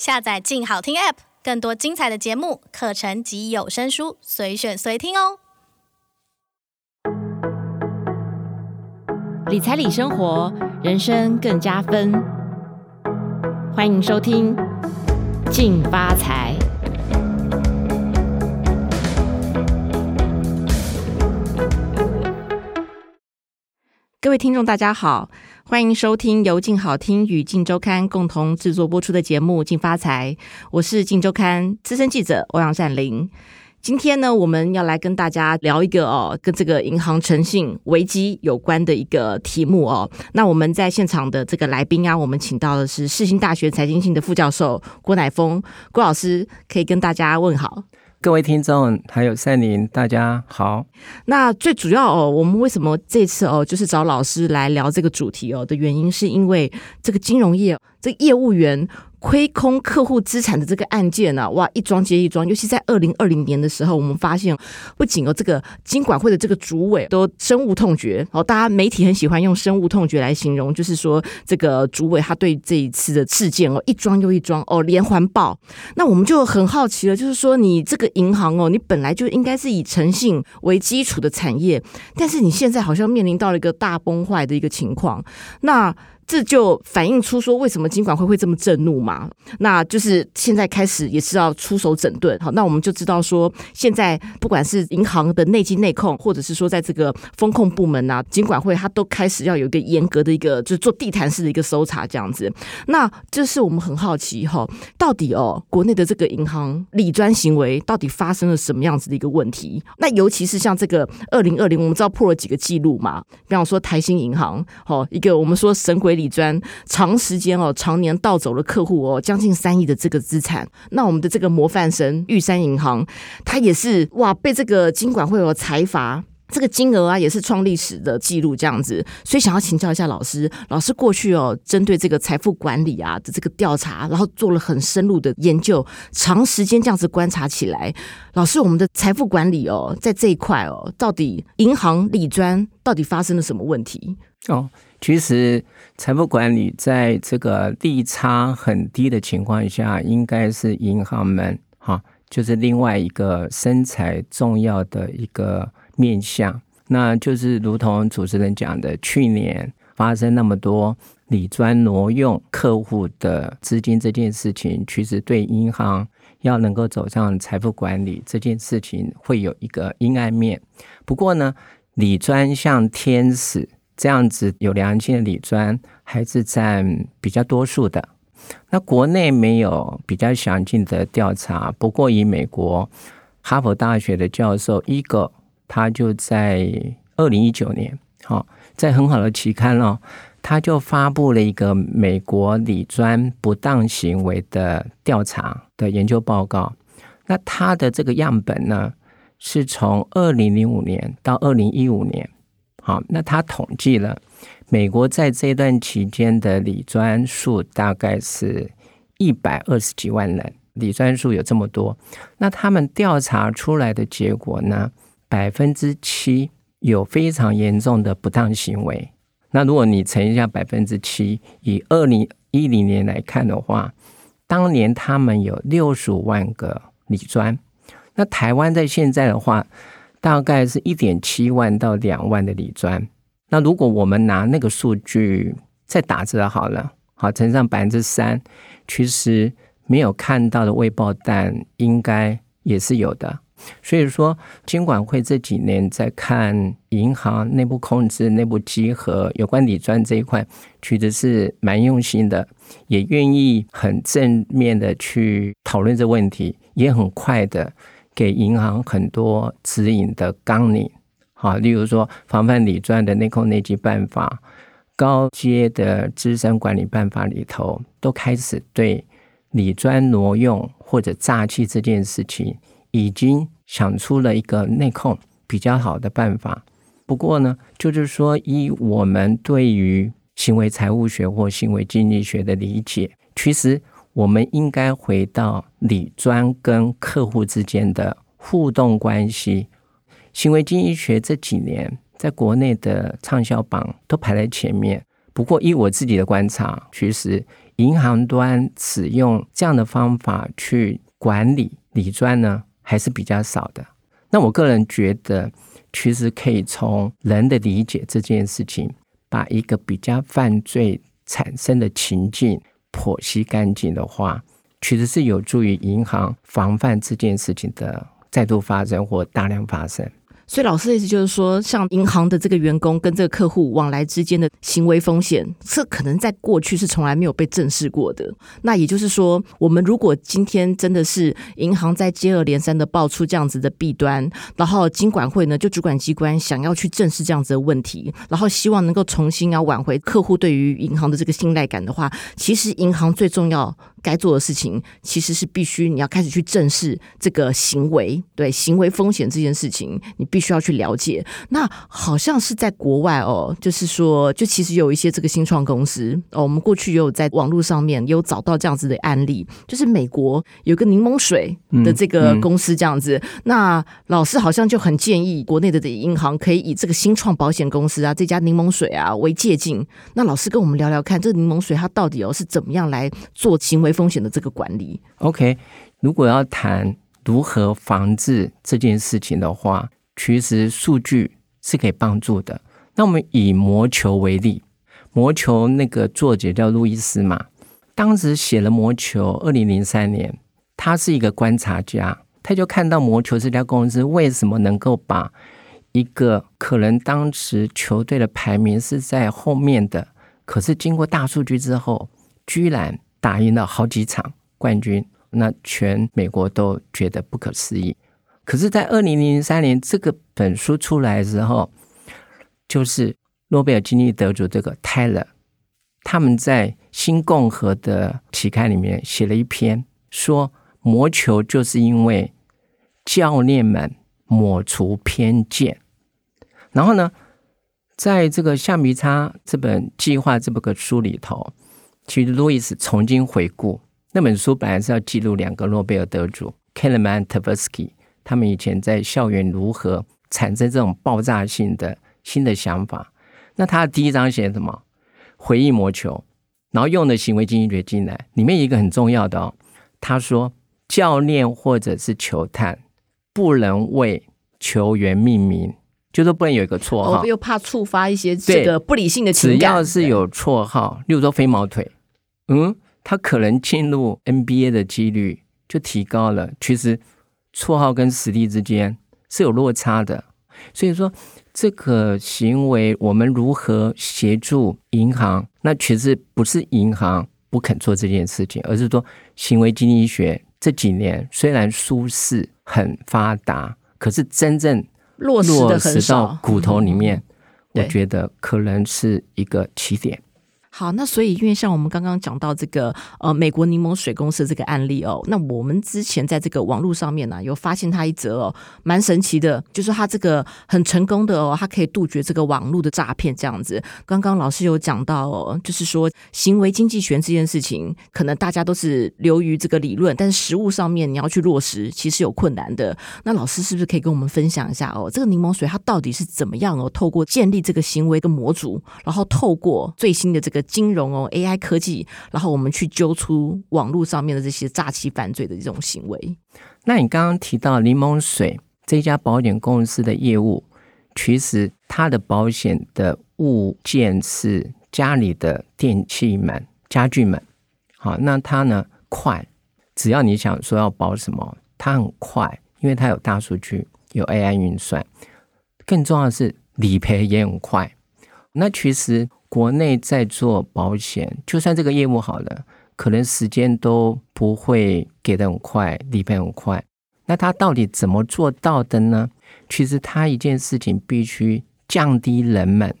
下載“靜好聽 ”App，更多精彩的節目、課程及有聲書，隨選隨聽哦！理財理生活，人生更加分。歡迎收聽《靜發財》。各位聽眾，大家好，歡迎收聽由鏡好聽與鏡週刊共同製作播出的節目《鏡發財》，我是鏡週刊資深記者歐陽善玲。今天呢，我們要來跟大家聊一個哦，跟這個銀行誠信危機有關的一個題目哦。那我們在現場的這個來賓啊，我們請到的是世新大學財經系的副教授郭乃峰，郭老師可以跟大家問好。各位聽眾，還有賽琳，大家好。那最主要哦，我們為什麼這次哦，就是找老師來聊這個主題哦的原因，是因為這個金融業，這個、業務員。虧空客戶資產的這個案件呢，啊，哇，一樁接一樁。尤其在二零二零年的時候，我們發現，不僅哦，這個金管會的這個主委都深惡痛絕。哦，大家媒體很喜歡用“深惡痛絕”來形容，就是說這個主委他對這一次的事件哦，一樁又一樁哦，連環爆。那我們就很好奇了，就是說你這個銀行哦，你本來就應該是以誠信為基礎的產業，但是你現在好像面臨到了一個大崩壞的一個情況。那這就反映出說，為什麼金管會會這麼震怒嘛？那就是現在開始也是要出手整頓。好，那我們就知道說，現在不管是銀行的內稽內控，或者是說在這個風控部門啊，金管會它都開始要有一個嚴格的一個，就是做地毯式的一個搜查這樣子。那這是我們很好奇哈，到底哦，國內的這個銀行理專行為到底發生了什麼樣子的一個問題？那尤其是像這個二零二零，我們知道破了幾個記錄嘛，比方說台新銀行，好一個我們說神鬼。理專 長時間哦，常年盜走了客戶哦，將近三億的這個資產。那我們的這個模範生玉山銀行，他也是哇，被這個金管會有裁罰，這個金額啊也是創歷史的記錄這樣子。所以想要請教一下老師，老師過去哦，針對這個財富管理啊的這個調查，然後做了很深入的研究，長時間這樣子觀察起來，老師我們的財富管理哦、喔，在這一塊哦，到底銀行理專到底發生了什麼問題哦？其實，財富管理在這個利差很低的情況下，應該是銀行們哈，就是另外一個生財重要的一個面向。那就是如同主持人講的，去年發生那麼多理專挪用客戶的資金這件事情，其實對銀行要能夠走上財富管理這件事情，會有一個陰暗面。不過呢，理專像天使。這樣子有良心的理專還是占比較多數的。那國內沒有比較詳盡的調查，不過以美國哈佛大學的教授伊格，他就在二零一九年，好、哦，在很好的期刊哦，他就發布了一個美國理專不當行為的調查的研究報告。那他的這個樣本呢，是從二零零五年到二零一五年。好，那他統計了美國在這段期間的理專數，大概是一百二十幾萬人。理專數有這麼多，那他們調查出來的結果呢？百分之七有非常嚴重的不當行為。那如果你乘一下百分之七，以二零一零年來看的話，當年他們有六十五萬個理專。那台灣在現在的話。大概是一點七萬到兩萬的理專，那如果我們拿那個數據再打折好了，好乘上百分之三，其實沒有看到的未爆彈應該也是有的。所以說，金管會這幾年在看銀行內部控制、內部稽核，有關理專這一塊，其實是蠻用心的，也願意很正面的去討論這問題，也很快的。給銀行很多指引的綱領，好，例如說防範理專的內控內稽辦法，高階的資產管理辦法裡頭，都開始對理專挪用或者詐欺這件事情，已經想出了一個內控比較好的辦法。不過呢，就是說以我們對於行為財務學或行為經濟學的理解，其實。我們應該回到理專跟客戶之間的互動關係。行為經濟學這幾年在國內的暢銷榜都排在前面。不過，依我自己的觀察，其實銀行端使用這樣的方法去管理理專呢，還是比較少的。那我個人覺得，其實可以從人的理解這件事情，把一個比較犯罪產生的情境，剖析乾淨的話，其實是有助於銀行防範這件事情的再度發生或大量發生。所以老師的意思就是說，像銀行的這個員工跟這個客戶往來之間的行為風險，這可能在過去是從來沒有被正視過的。那也就是說，我們如果今天真的是銀行在接二連三的爆出這樣子的弊端，然後金管會呢就主管機關想要去正視這樣子的問題，然後希望能夠重新要挽回客戶對於銀行的這個信賴感的話，其實銀行最重要。該做的事情其實是必須，你要開始去正視這個行為，對行為風險這件事情，你必須要去了解。那好像是在國外哦，就是說，就其實有一些這個新創公司哦，我們過去也有在網絡上面有找到這樣子的案例，就是美國有個檸檬水的這個公司這樣子。嗯嗯、那老師好像就很建議國內的這銀行可以以這個新創保險公司啊，這家檸檬水啊為借鏡。那老師跟我們聊聊看，這個、檸檬水它到底哦是怎麼樣來做行為？風險的這個管理，OK。如果要談如何防治這件事情的話，其實數據是可以幫助的。那我們以魔球為例，魔球那個作者叫路易斯嘛，當時寫了魔球，二零零三年，他是一個觀察家，他就看到魔球這家公司為什麼能夠把一個可能當時球隊的排名是在後面的，可是經過大數據之後，居然。打贏了好幾場冠軍，那全美國都覺得不可思議。可是在，在二零零三年這個本書出來之後，就是諾貝爾經濟得主這個泰勒，他們在《新共和》的期刊裡面寫了一篇，說魔球就是因為教練們抹除偏見。然後呢，在這個橡皮擦這本計劃這本個書裡頭。其實，路易斯重新回顧那本書，本來是要記錄兩個諾貝爾得主 Kahneman Tversky 他們以前在校園如何產生這種爆炸性的新的想法。那他的第一章寫什麼？回憶魔球，然後用的行為經濟學進來。裡面一個很重要的哦，他說教練或者是球探不能為球員命名。就是不能有一個綽號，哦，又怕觸發一些這個不理性的情緒。只要是有綽號，對例如說“飛毛腿”，嗯，他可能進入 NBA 的幾率就提高了。其實，綽號跟實力之間是有落差的。所以說，這個行為我們如何協助銀行？那其實不是銀行不肯做這件事情，而是說行為經濟學這幾年雖然書市很發達，可是真正落實，落實到骨頭裡面，嗯、我覺得可能是一個起點。好，那所以因為像我們剛剛講到這個呃美國檸檬水公司的這個案例哦，那我們之前在這個網絡上面呢、啊、有發現它一則哦蠻神奇的，就是它這個很成功的哦，它可以杜絕這個網絡的詐騙這樣子。剛剛老師有講到哦，就是說行為經濟學這件事情，可能大家都是流於這個理論，但是實務上面你要去落實，其實有困難的。那老師是不是可以跟我們分享一下哦，這個檸檬水它到底是怎麼樣哦，透過建立這個行為的模組，然後透過最新的這個。金融哦，AI 科技，然後我們去揪出網絡上面的這些詐欺犯罪的這種行為。那你剛剛提到檸檬水這家保險公司的業務，其實它的保險的物件，是家裡的電器門、家具門。好，那它呢，快，只要你想說要保什麼，它很快，因為它有大數據，有 AI 運算，更重要的是理賠也很快。那其實國內在做保險，就算這個業務好了，可能時間都不會給得很快，理賠很快。那他到底怎麼做到的呢？其實他一件事情必須降低人們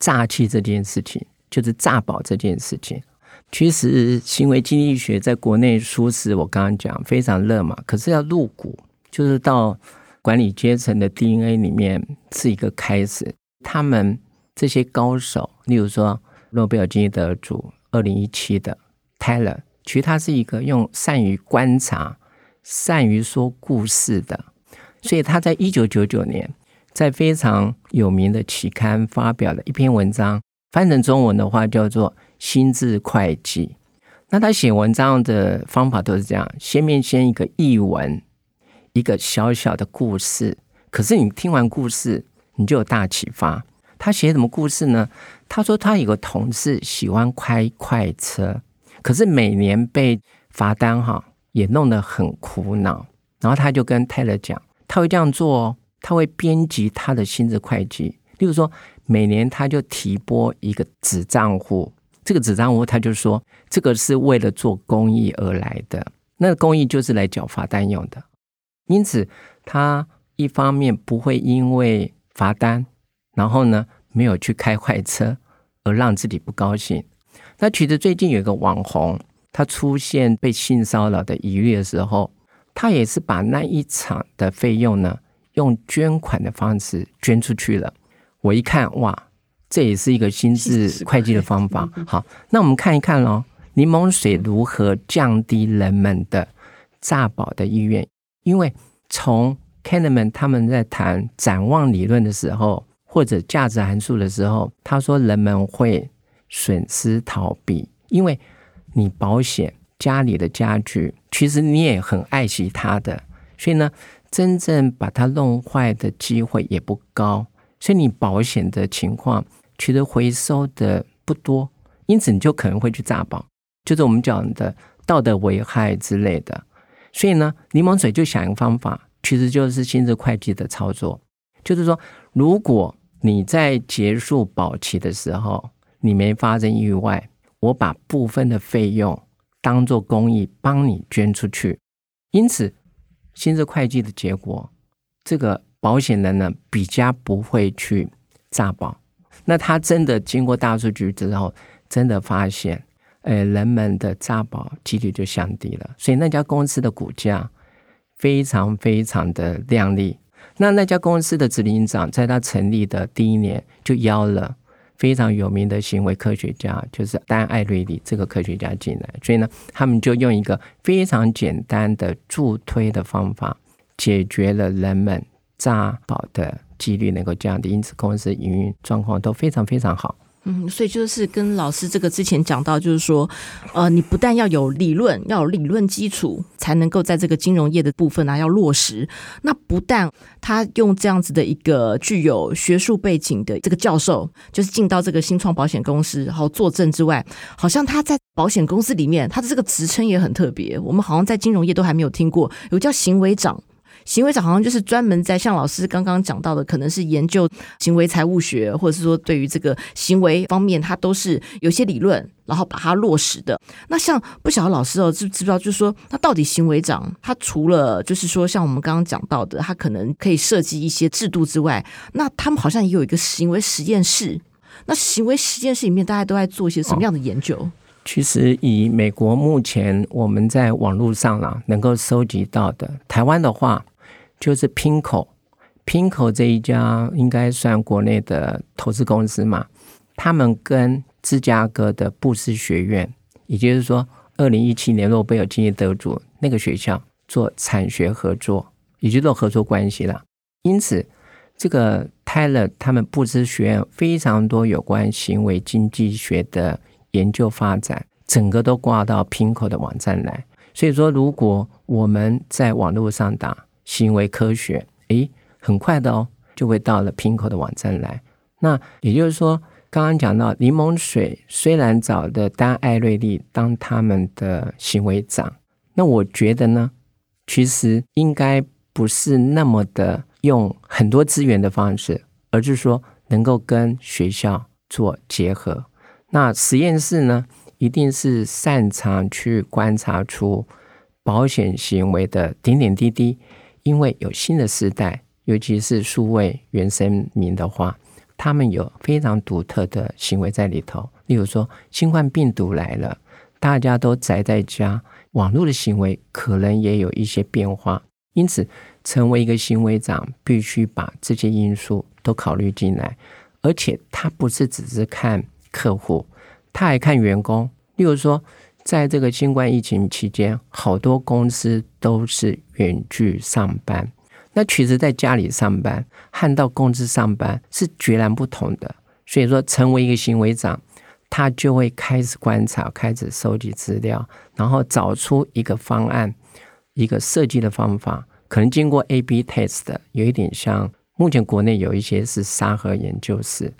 詐欺這件事情，就是詐保這件事情。其實行為經濟學在國內說是我剛剛講非常熱嘛，可是要入股，就是到管理階層的 DNA 裡面是一個開始，他們。這些高手，例如說諾貝爾經濟得主二零一七的 Thaler 其實他是一個用善於觀察、善於說故事的。所以他在一九九九年在非常有名的期刊發表了一篇文章，翻譯成中文的話叫做《心智會計》。那他寫文章的方法都是這樣：先面先一個譯文，一個小小的故事。可是你聽完故事，你就有大啟發。他寫什麼故事呢？他說他有個同事喜歡開快，快車，可是每年被罰單哈，也弄得很苦惱。然後他就跟泰勒講，他會這樣做哦，他會編輯他的薪資會計。例如說，每年他就提撥一個子賬戶，這個子賬戶他就說，這個是為了做公益而來的，那公益就是來繳罰單用的。因此，他一方面不會因為罰單。然後呢，沒有去開快車，而讓自己不高興。那其實最近有一個網紅，他出現被性騷擾的疑慮的時候，他也是把那一場的費用呢，用捐款的方式捐出去了。我一看，哇，這也是一個心智會計的方法。好，那我們看一看咯，檸檬水如何降低人們的詐保的意願？因為從 Kahneman 他們在談展望理論的時候。或者價值函數的時候，他說人們會損失逃避，因為你保險家裡的家具，其實你也很愛惜它的，所以呢，真正把它弄壞的機會也不高，所以你保險的情況其實回收的不多，因此你就可能會去詐保，就是我們講的道德危害之類的。所以呢，檸檬水就想一個方法，其實就是心智會計的操作，就是說如果。你在結束保期的時候，你沒發生意外，我把部分的費用當做公益幫你捐出去。因此，新制會計的結果，這個保險人呢比較不會去詐保。那他真的經過大數據之後，真的發現，呃，人們的詐保幾率就降低了。所以那家公司的股價非常非常的亮麗。那那家公司的執行長，在他成立的第一年就邀了非常有名的行為科學家，就是丹·艾瑞里這個科學家進來，所以呢，他們就用一個非常簡單的助推的方法，解決了人們詐保的幾率能夠降低，因此公司營運狀況都非常非常好。嗯，所以就是跟老師這個之前講到，就是說，呃，你不但要有理論，要有理論基礎，才能夠在這個金融業的部分啊要落實。那不但他用這樣子的一個具有學術背景的這個教授，就是進到這個新創保險公司，然後坐鎮之外，好像他在保險公司裡面，他的這個職稱也很特別，我們好像在金融業都還沒有聽過，有叫行為長。行為長好像就是專門在像老師剛剛講到的，可能是研究行為財務學，或者是說對於這個行為方面，它都是有些理論，然後把它落實的。那像不曉得老師哦，知不知道？就是說，那到底行為長，他除了就是說像我們剛剛講到的，他可能可以設計一些制度之外，那他們好像也有一個行為實驗室。那行為實驗室裡面，大家都在做一些什麼樣的研究？哦，其實以美國目前我們在網絡上啦能夠收集到的，台灣的話，就是平口，平口這一家應該算國內的投資公司嘛？他們跟芝加哥的布斯學院，也就是說二零一七年諾貝爾經濟得主那個學校做產學合作，也就做合作關係了。因此，這個 Tyler 他們布斯學院非常多有關行為經濟學的研究發展，整個都掛到平口的網站來。所以說，如果我們在網絡上打。行為科學誒，很快的哦，就會到了 PINKO 的網站來。那也就是說，剛剛講到檸檬水雖然找的丹艾瑞利當他們的行為長，那我覺得呢，其實應該不是那麼的用很多資源的方式，而是說能夠跟學校做結合。那實驗室呢，一定是擅長去觀察出保險行為的點點滴滴。因為有新的世代，尤其是數位原生民的話，他們有非常獨特的行為在裡頭。例如說，新冠病毒來了，大家都宅在家，網絡的行為可能也有一些變化。因此，成為一個行為長，必須把這些因素都考慮進來，而且他不是只是看客戶，他還看員工。例如說。在這個新冠疫情期間，好多公司都是遠距上班。那其實，在家裡上班和到公司上班是截然不同的。所以說，成為一個行為長，他就會開始觀察，開始收集資料，然後找出一個方案，一個設計的方法。可能經過 AB test，有一點像目前國內有一些是沙盒研究室。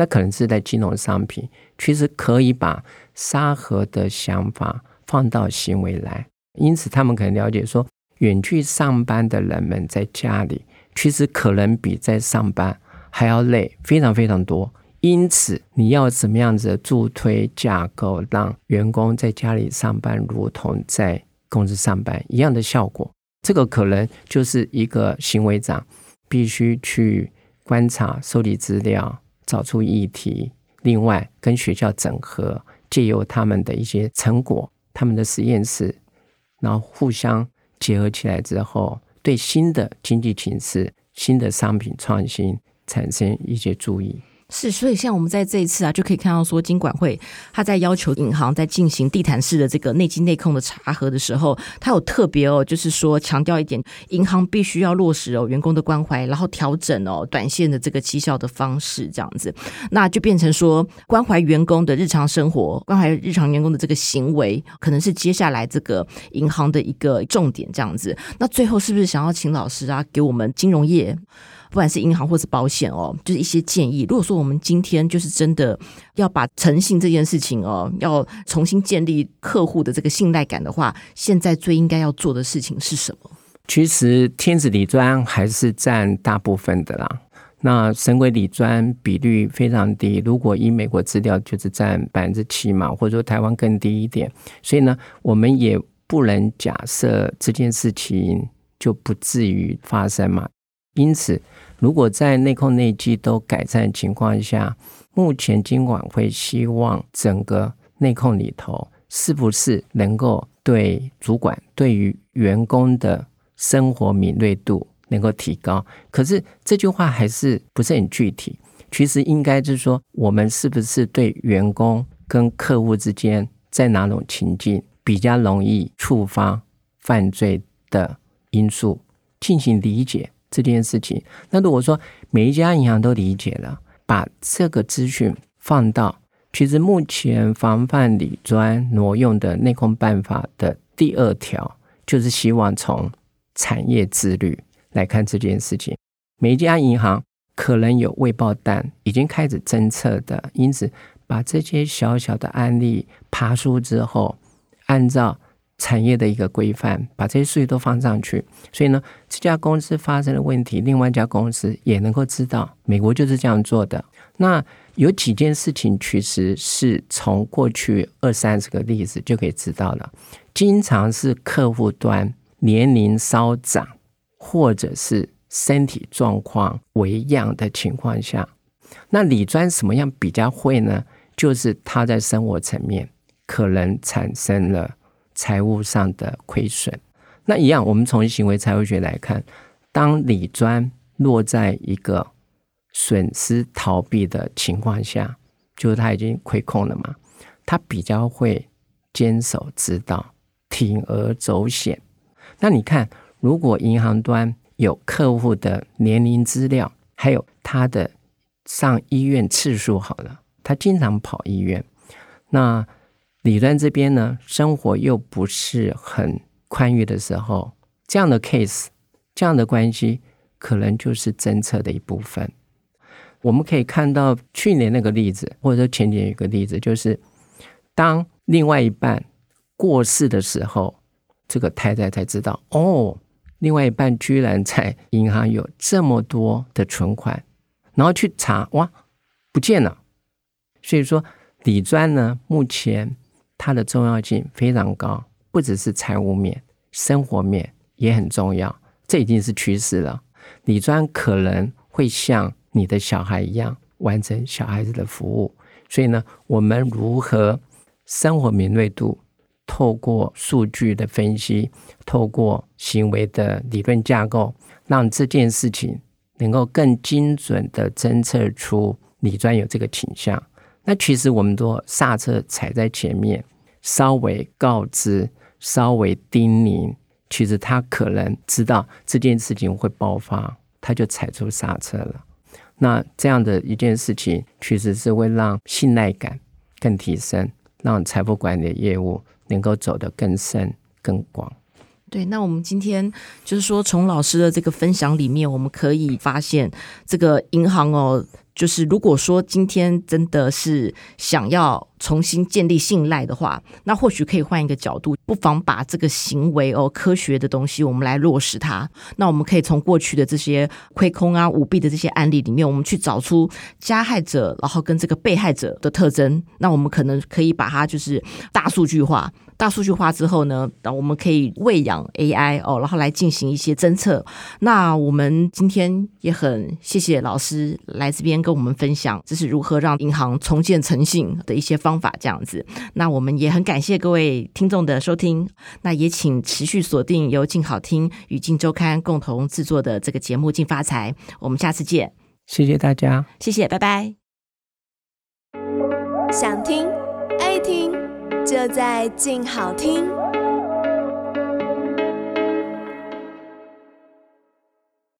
那可能是在金融商品，其實可以把沙盒的想法放到行為來，因此他們可能了解說，遠距上班的人們在家裡，其實可能比在上班還要累，非常非常多。因此，你要怎麼樣子的助推架構，讓員工在家裡上班，如同在公司上班一樣的效果？這個可能就是一個行為長必須去觀察、收集資料。找出議題，另外跟學校整合，借由他們的一些成果、他們的實驗室，然後互相結合起來之後，對新的經濟形勢、新的商品創新產生一些注意。是，所以像我們在這一次啊，就可以看到說，金管會他在要求銀行在進行地毯式的這個內稽內控的查核的時候，他有特別哦，就是說強調一點，銀行必須要落實哦員工的關懷，然後調整哦短線的這個績效的方式這樣子，那就變成說關懷員工的日常生活，關懷日常員工的這個行為，可能是接下來這個銀行的一個重點這樣子。那最後是不是想要請老師啊，給我們金融業？不管是銀行或是保險哦，就是一些建議。如果說我們今天就是真的要把誠信這件事情哦，要重新建立客戶的這個信賴感的話，現在最應該要做的事情是什麼？其實天子理專還是占大部分的啦。那神鬼理專比率非常低，如果以美國資料就是占百分之七嘛，或者說台灣更低一點。所以呢，我們也不能假設這件事情就不至於發生嘛。因此。如果在內控內稽都改善情況下，目前金管會希望整個內控裡頭是不是能夠對主管對於員工的生活敏銳度能夠提高？可是這句話還是不是很具體。其實應該就是說，我們是不是對員工跟客戶之間在哪種情境比較容易觸發犯罪的因素進行理解？這件事情，那如果說每一家銀行都理解了，把這個資訊放到，其實目前防範理專挪用的內控辦法的第二條，就是希望從產業自律來看這件事情，每一家銀行可能有未爆彈已經開始偵測的，因此把這些小小的案例爬梳之後，按照。產業的一個規範，把這些數據都放上去，所以呢，這家公司發生了問題，另外一家公司也能夠知道。美國就是這樣做的。那有幾件事情，其實是從過去二三十個例子就可以知道了。經常是客戶端年齡稍長，或者是身體狀況微恙的情況下，那理專什麼樣比較會呢？就是他在生活層面可能產生了。財務上的虧損，那一樣，我們從行為財務學來看，當理專落在一個損失逃避的情況下，就是他已經虧空了嘛，他比較會堅守之道，鋌而走險。那你看，如果銀行端有客戶的年齡資料，還有他的上醫院次數，好了，他經常跑醫院，那。理專這邊呢，生活又不是很寬裕的時候，這樣的 case，這樣的關係，可能就是偵測的一部分。我們可以看到去年那個例子，或者說前年有個例子，就是當另外一半過世的時候，這個太太才知道，哦，另外一半居然在銀行有這麼多的存款，然後去查，哇，不見了。所以說，理專呢，目前。它的重要性非常高，不只是財務面，生活面也很重要。這已經是趨勢了。理專可能會像你的小孩一樣，完成小孩子的服務。所以呢，我們如何生活敏銳度，透過數據的分析，透過行為的理論架構，讓這件事情能夠更精準的偵測出理專有這個傾向。那其實我們說剎車踩在前面，稍微告知，稍微叮嚀，其實他可能知道這件事情會爆發，他就踩出剎車了。那這樣的一件事情，其實是會讓信賴感更提升，讓財富管理的業務能夠走得更深、更廣。對，那我們今天就是說，從老師的這個分享裡面，我們可以發現這個銀行哦。就是如果說今天真的是想要重新建立信賴的話，那或許可以換一個角度，不妨把這個行為哦，科學的東西我們來落實它。那我們可以從過去的這些虧空啊、舞弊的這些案例裡面，我們去找出加害者，然後跟這個被害者的特徵，那我們可能可以把它就是大數據化，大數據化之後呢，那我們可以餵養 AI 哦，然後來進行一些偵測。那我們今天也很謝謝老師來這邊。跟我們分享這是如何讓銀行重建誠信的一些方法，這樣子。那我們也很感謝各位聽眾的收聽，那也請持續鎖定由鏡好聽與鏡週刊共同製作的這個節目《鏡發財》，我們下次見。謝謝大家，謝謝，拜拜。想聽愛聽，就在鏡好聽。